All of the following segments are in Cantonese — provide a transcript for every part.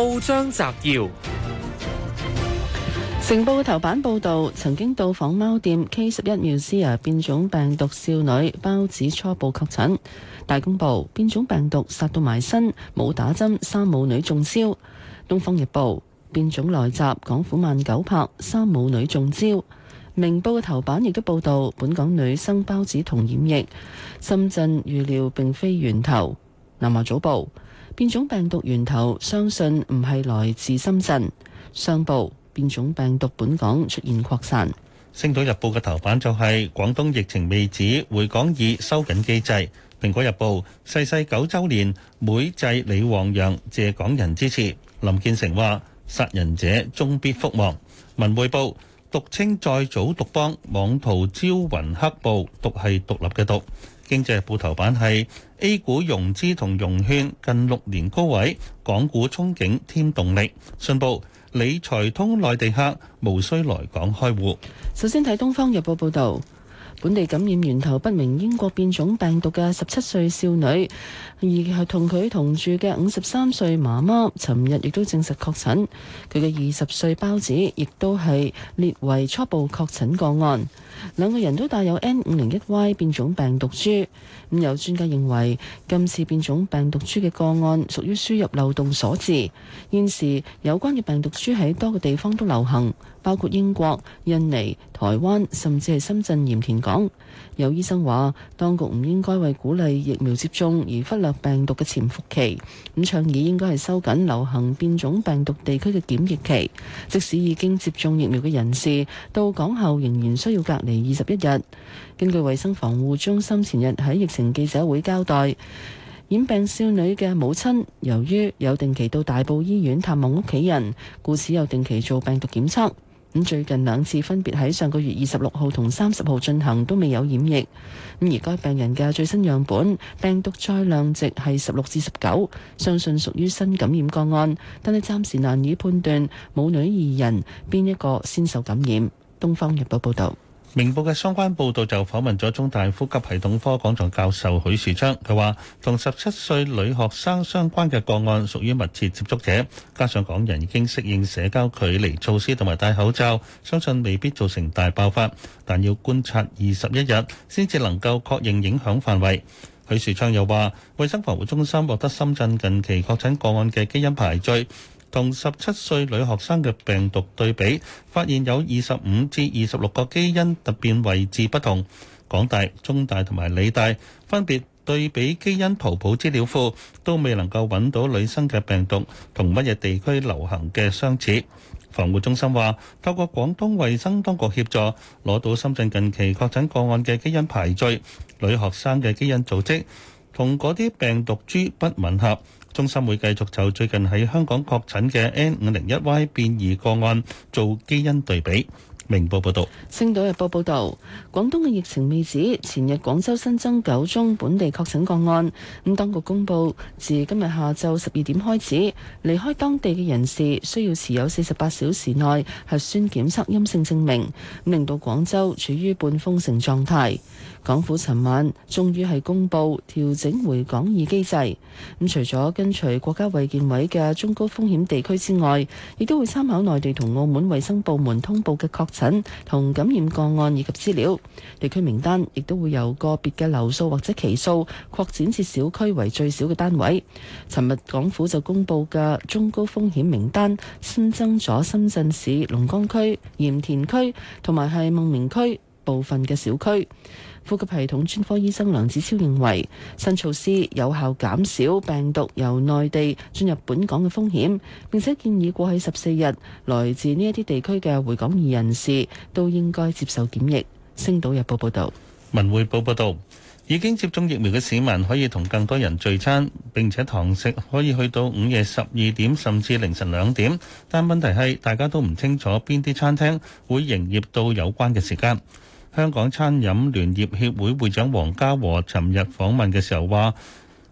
報章摘要：成報頭版報道，曾經到訪貓店 K11 Musea 變種病毒少女包子初步確診。大公報變種病毒殺到埋身，冇打針三母女中招。東方日報變種來襲，港府慢九拍三母女中招。明報嘅頭版亦都報道，本港女生包子同染疫，深圳預料並非源頭。南華早報。變種病毒源頭相信唔係來自深圳。商報變種病毒本港出現擴散。星島日報嘅頭版就係廣東疫情未止，回港已收緊機制。蘋果日報逝世，世九週年，每祭李旺陽，謝港人支持。林建成話：殺人者終必覆亡。文匯報獨清再組獨幫，妄圖招雲黑暴，獨係獨立嘅獨。經濟報頭版係 A 股融資同融券近六年高位，港股憧憬添動力。信報，理財通內地客無需來港開戶。首先睇《東方日報，報導》報道。本地感染源頭不明英國變種病毒嘅十七歲少女，而係同佢同住嘅五十三歲媽媽，尋日亦都證實確診。佢嘅二十歲胞姊亦都係列為初步確診個案。兩個人都帶有 N501Y 變種病毒株。咁有專家認為，今次變種病毒株嘅個案屬於輸入漏洞所致。現時有關嘅病毒株喺多個地方都流行。包括英國、印尼、台灣，甚至係深圳鹽田港。有醫生話，當局唔應該為鼓勵疫苗接種而忽略病毒嘅潛伏期。咁倡議應該係收緊流行變種病毒地區嘅檢疫期，即使已經接種疫苗嘅人士到港後仍然需要隔離二十一日。根據衞生防護中心前日喺疫情記者會交代，染病少女嘅母親由於有定期到大埔醫院探望屋企人，故此有定期做病毒檢測。咁最近兩次分別喺上個月二十六號同三十號進行，都未有染疫。咁而該病人嘅最新樣本病毒載量值係十六至十九，相信屬於新感染個案，但係暫時難以判斷母女二人邊一個先受感染。《東方日報》報導。明報嘅相關報導就訪問咗中大呼吸系統科講座教授許樹昌，佢話：同十七歲女學生相關嘅個案屬於密切接觸者，加上港人已經適應社交距離措施同埋戴口罩，相信未必造成大爆發，但要觀察二十一日先至能夠確認影響範圍。許樹昌又話：衞生防護中心獲得深圳近期確診個案嘅基因排序。同十七歲女學生嘅病毒對比，發現有二十五至二十六個基因突變位置不同。港大、中大同埋理大分別對比基因圖譜資料庫，都未能夠揾到女生嘅病毒同乜嘢地區流行嘅相似。防護中心話，透過廣東衞生當局協助攞到深圳近期確診個案嘅基因排序，女學生嘅基因組織同嗰啲病毒株不吻合。中心會繼續就最近喺香港確診嘅 N501Y 變異個案做基因對比。明報報道，星島日報報道廣東嘅疫情未止，前日廣州新增九宗本地確診個案。咁當局公布，自今日下晝十二點開始，離開當地嘅人士需要持有四十八小時內核酸檢測陰性證明，令到廣州處於半封城狀態，港府尋晚終於係公布調整回港易機制，咁除咗跟隨國家衛健委嘅中高風險地區之外，亦都會參考內地同澳門衛生部門通報嘅確診同感染個案以及資料，地區名單亦都會由個別嘅樓數或者期數擴展至小區為最少嘅單位。尋日港府就公布嘅中高風險名單，新增咗深圳市龍崗區、鹽田區同埋係光明區。部分嘅小區，呼吸系統專科醫生梁子超認為新措施有效減少病毒由內地進入本港嘅風險。並且建議過去十四日來自呢一啲地區嘅回港二人士都應該接受檢疫。星島日報報導，《文匯報》報導，已經接種疫苗嘅市民可以同更多人聚餐，並且堂食可以去到午夜十二點甚至凌晨兩點。但問題係大家都唔清楚邊啲餐廳會營業到有關嘅時間。香港餐飲聯業協會會長黃家和尋日訪問嘅時候話：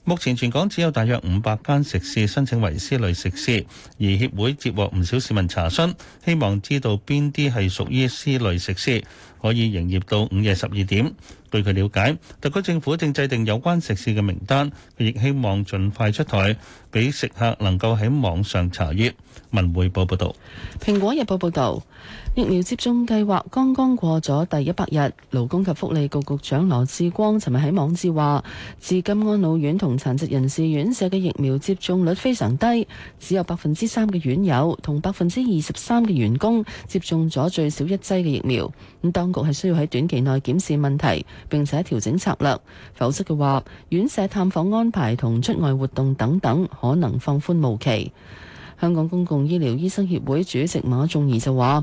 目前全港只有大約五百間食肆申請為 C 類食肆，而協會接獲唔少市民查詢，希望知道邊啲係屬於 C 類食肆，可以營業到午夜十二點。據佢了解，特區政府正制定有關食肆嘅名單，佢亦希望盡快出台，俾食客能夠喺網上查閲。文匯報報道，《蘋果日報》報道，疫苗接種計劃剛剛過咗第一百日，勞工及福利局局長羅致光尋日喺網誌話，至今安老院同殘疾人士院舍嘅疫苗接種率非常低，只有百分之三嘅院友同百分之二十三嘅員工接種咗最少一劑嘅疫苗。咁當局係需要喺短期內檢視問題。並且調整策略，否則嘅話，院舍探訪安排同出外活動等等，可能放寬無期。香港公共醫療醫生協會主席馬仲儀就話，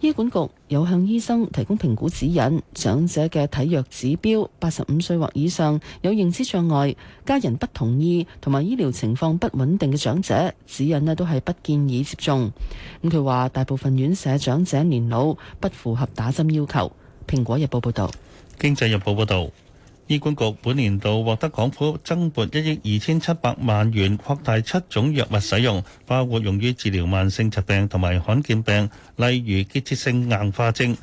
醫管局有向醫生提供評估指引，長者嘅體弱指標八十五歲或以上，有認知障礙，家人不同意同埋醫療情況不穩定嘅長者，指引呢都係不建議接種。咁佢話，大部分院舍長者年老，不符合打針要求。蘋果日報報導。經濟日報報導，醫管局本年度獲得港府增撥一億二千七百萬元，擴大七種藥物使用，包括用於治療慢性疾病同埋罕見病，例如結節性硬化症。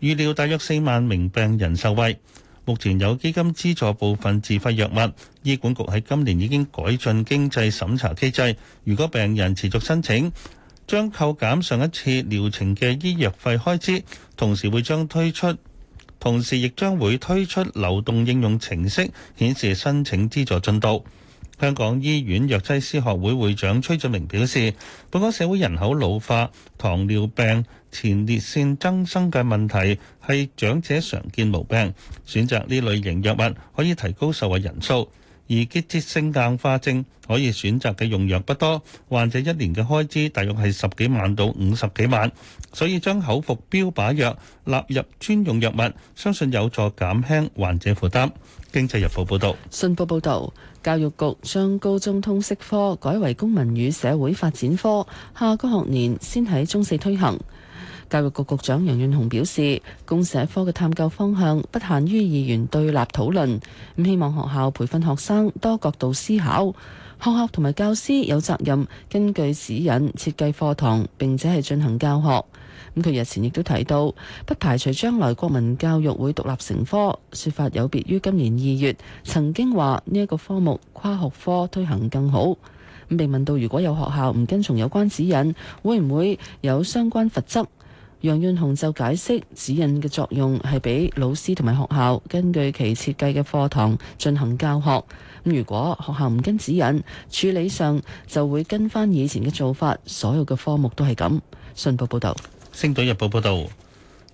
預料大約四萬名病人受惠。目前有基金資助部分自費藥物。醫管局喺今年已經改進經濟審查機制，如果病人持續申請，將扣減上一次療程嘅醫藥費開支，同時會將推出。同時，亦將會推出流動應用程式，顯示申請資助進度。香港醫院藥劑師學會會長崔俊明表示，本港社會人口老化、糖尿病、前列腺增生嘅問題係長者常見毛病，選擇呢類型藥物可以提高受惠人數。而結節性硬化症可以選擇嘅用藥不多，患者一年嘅開支大約係十幾萬到五十幾萬，所以將口服標靶藥納入專用藥物，相信有助減輕患者負擔。經濟日報報道，信報報道，教育局將高中通識科改為公民與社會發展科，下個學年先喺中四推行。教育局局長楊潤雄表示，公社科嘅探究方向不限於議員對立討論，咁希望學校培訓學生多角度思考。學校同埋教師有責任根據指引設計課堂，並且係進行教學。咁佢日前亦都提到，不排除將來國民教育會獨立成科，説法有別於今年二月曾經話呢一個科目跨學科推行更好。咁被問到如果有學校唔跟從有關指引，會唔會有相關罰則？楊潤雄就解釋指引嘅作用係俾老師同埋學校根據其設計嘅課堂進行教學。咁如果學校唔跟指引，處理上就會跟翻以前嘅做法，所有嘅科目都係咁。信報報道，《星島日報》報道。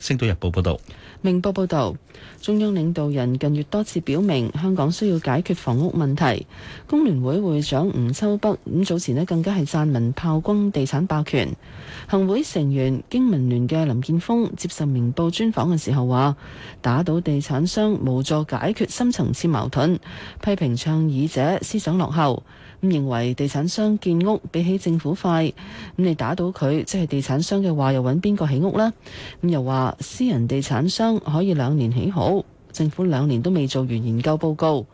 星島日報報道，明報報道，中央領導人近月多次表明香港需要解決房屋問題。工聯會會長吳秋北咁早前咧更加係撰文炮轟地產霸權。行會成員經民聯嘅林健鋒接受明報專訪嘅時候話：打倒地產商無助解決深層次矛盾，批評倡議者思想落後。咁認為地產商建屋比起政府快，咁你打倒佢即係地產商嘅話，又揾邊個起屋呢？咁又話。私人地產商可以兩年起好，政府兩年都未做完研究報告。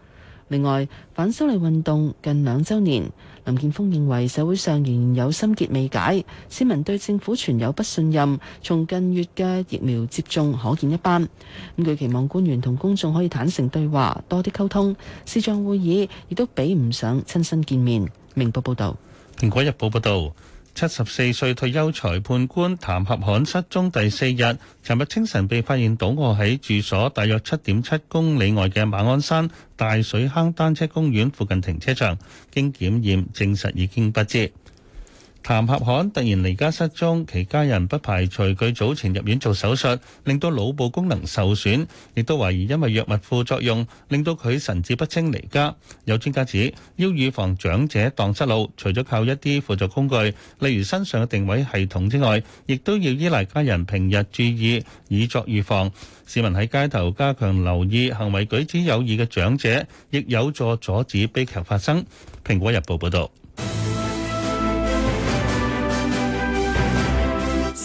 另外，反修例運動近兩周年，林建峰認為社會上仍然有心結未解，市民對政府存有不信任，從近月嘅疫苗接種可見一斑。咁佢期望官員同公眾可以坦誠對話，多啲溝通。視像會議亦都比唔上親身見面。明報報道，《蘋果日報》報道。七十四歲退休裁判官譚合罕失蹤第四日，尋日清晨被發現倒卧喺住所，大約七點七公里外嘅馬鞍山大水坑單車公園附近停車場，經檢驗證實已經不治。譚合罕突然離家失蹤，其家人不排除佢早前入院做手術，令到腦部功能受損，亦都懷疑因為藥物副作用令到佢神志不清離家。有專家指，要預防長者蕩失路，除咗靠一啲輔助工具，例如身上嘅定位系統之外，亦都要依賴家人平日注意以作預防。市民喺街頭加強留意行為舉止有異嘅長者，亦有助阻止悲劇發生。蘋果日報報道。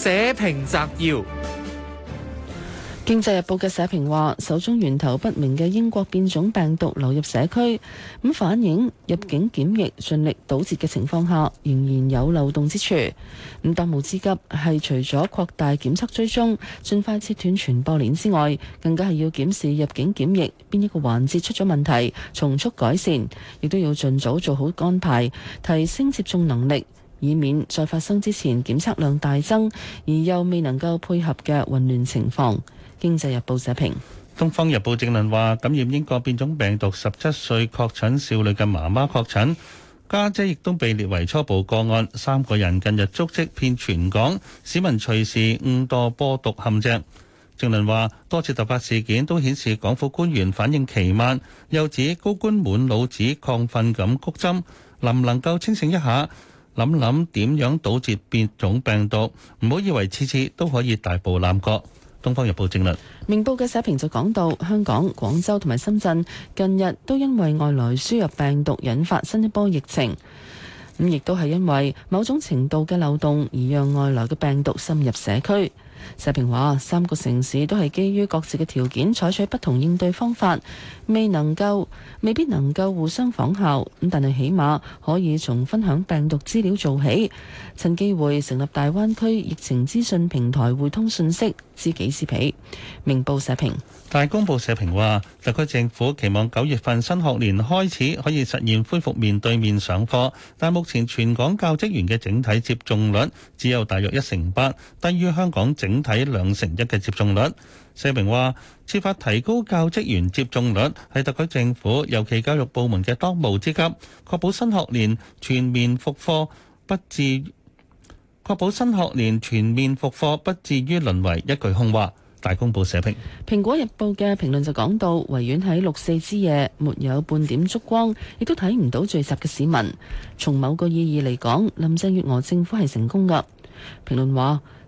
社評摘要：經濟日報嘅社評話，手中源頭不明嘅英國變種病毒流入社區，咁反映入境檢疫盡力堵截嘅情況下，仍然有漏洞之處。咁當務之急係除咗擴大檢測追蹤，盡快切斷傳播鏈之外，更加係要檢視入境檢疫邊一個環節出咗問題，從速改善，亦都要盡早做好安排，提升接種能力。以免再發生之前檢測量大增，而又未能夠配合嘅混亂情況。經濟日報社評，《東方日報》正論話：感染英國變種病毒十七歲確診少女嘅媽媽確診，家姐亦都被列為初步個案。三個人近日足跡遍全港，市民隨時誤墮播毒陷阱。正論話：多次突發事件都顯示港府官員反應奇慢，又指高官滿腦子亢奮感，谷針能唔能夠清醒一下？諗諗點樣堵截變種病毒，唔好以為次次都可以大步攬過。東方日報正論。明報嘅社評就講到，香港、廣州同埋深圳近日都因為外來輸入病毒引發新一波疫情，咁亦都係因為某種程度嘅漏洞而讓外來嘅病毒深入社區。社評話：三個城市都係基於各自嘅條件採取不同應對方法，未能夠未必能夠互相仿效咁，但係起碼可以從分享病毒資料做起，趁機會成立大灣區疫情資訊平台，互通信息。知幾時俾明報社評，但係大公報社評話，特區政府期望九月份新學年開始可以實現恢復面對面上課，但目前全港教職員嘅整體接種率只有大約一成八，低於香港整體兩成一嘅接種率。社評話，設法提高教職員接種率係特區政府尤其教育部門嘅當務之急，確保新學年全面復課不至確保新學年全面複課，不至於淪為一句空話。大公報社評。蘋果日報嘅評論就講到，維園喺六四之夜，沒有半點燭光，亦都睇唔到聚集嘅市民。從某個意義嚟講，林鄭月娥政府係成功㗎。評論話。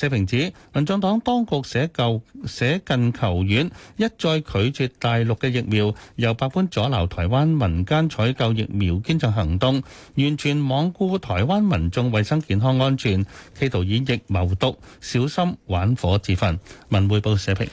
社評指民進黨當局捨近求遠，一再拒絕大陸嘅疫苗，又百般阻撓台灣民間採購疫苗捐贈行動，完全罔顧台灣民眾衞生健康安全，企圖以疫謀獨，小心玩火自焚。文匯報社評。